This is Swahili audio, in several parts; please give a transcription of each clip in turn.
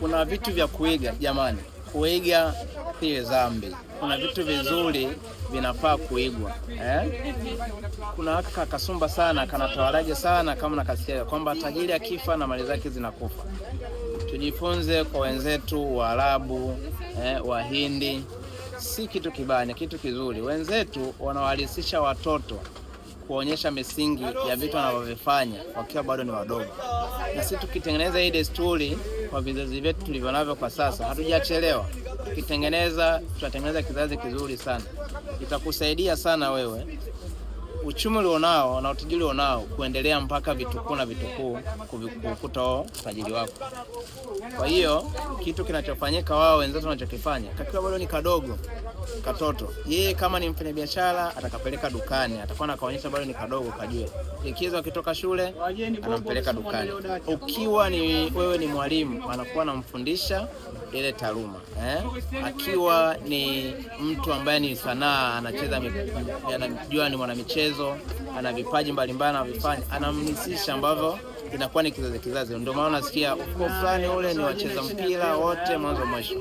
Kuna vitu vya kuiga jamani, kuiga si dhambi. Kuna vitu vizuri vinafaa kuigwa eh? Kuna haka kasumba sana kanatawalaje sana kama nakasikia kwamba tajiri akifa na mali zake zinakufa. Tujifunze kwa wenzetu Waarabu eh, Wahindi, si kitu kibaya, ni kitu kizuri. Wenzetu wanawalisisha watoto kuonyesha misingi ya vitu wanavyovifanya wakiwa bado ni wadogo, na sisi tukitengeneza hii desturi kwa vizazi vyetu tulivyo navyo kwa sasa, hatujachelewa. Tukitengeneza tutatengeneza kizazi kizuri sana, itakusaidia sana wewe uchumi ulionao na utajiri ulionao kuendelea mpaka vitukuu na vitukuu kuvikukuta utajiri wako. Kwa hiyo kitu kinachofanyika wao wenzetu wanachokifanya, kakiwa bado ni kadogo katoto, yeye kama ni mfanyabiashara atakapeleka dukani, atakuwa nakaonyesha bado ni kadogo, kajue likizo akitoka shule anampeleka dukani. Ukiwa ni wewe ni mwalimu, anakuwa anamfundisha ile taaluma eh? Akiwa ni mtu ambaye ni sanaa anacheza, anajua ni mwanamichezo michezo, ana vipaji mbalimbali anavyofanya, anamnisisha ambavyo inakuwa ni kizazi kizazi. Ndio maana unasikia uko fulani ule ni wacheza mpira wote mwanzo mwisho.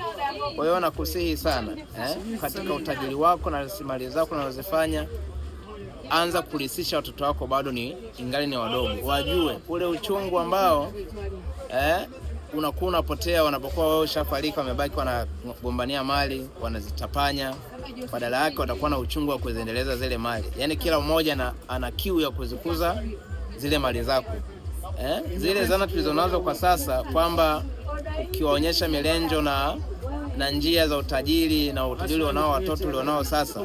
Kwa hiyo nakusihi sana eh, katika utajiri wako na rasilimali zako unazozifanya anza kulisisha watoto wako bado ni ingali ni wadogo, wajue ule uchungu ambao eh, unakuwa unapotea wanapokuwa wao shafariki, wamebaki wanagombania mali wanazitapanya badala yake watakuwa na uchungu wa kuziendeleza zile mali. Yaani kila mmoja na ana kiu ya kuzikuza zile mali zako eh? Zile zana tulizonazo kwa sasa kwamba ukiwaonyesha milenjo na na njia za utajiri na utajiri wanao watoto walionao sasa,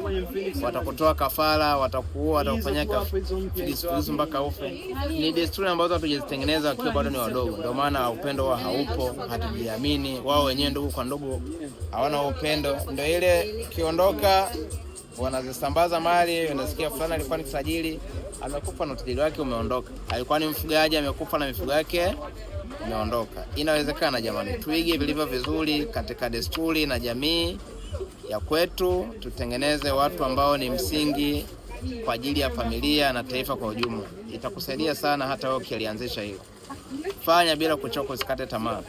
watakutoa kafara, watakuua, watakufanyia kifilisu mpaka ufe. Ni desturi ambazo hatujazitengeneza wakiwa bado ni wadogo, ndio maana upendo wao haupo, hatujiamini. Wao wenyewe ndugu kwa ndugu hawana upendo, ndio ile ukiondoka wanazisambaza mali, unasikia fulani alikuwa ni tajiri amekufa na utajiri wake umeondoka, alikuwa ni mfugaji amekufa na mifugo yake imeondoka. Inawezekana jamani, tuige vilivyo vizuri katika desturi na jamii ya kwetu, tutengeneze watu ambao ni msingi kwa ajili ya familia na taifa kwa ujumla. Itakusaidia sana hata wewe ukilianzisha hilo. Fanya bila kuchoka, usikate tamaa.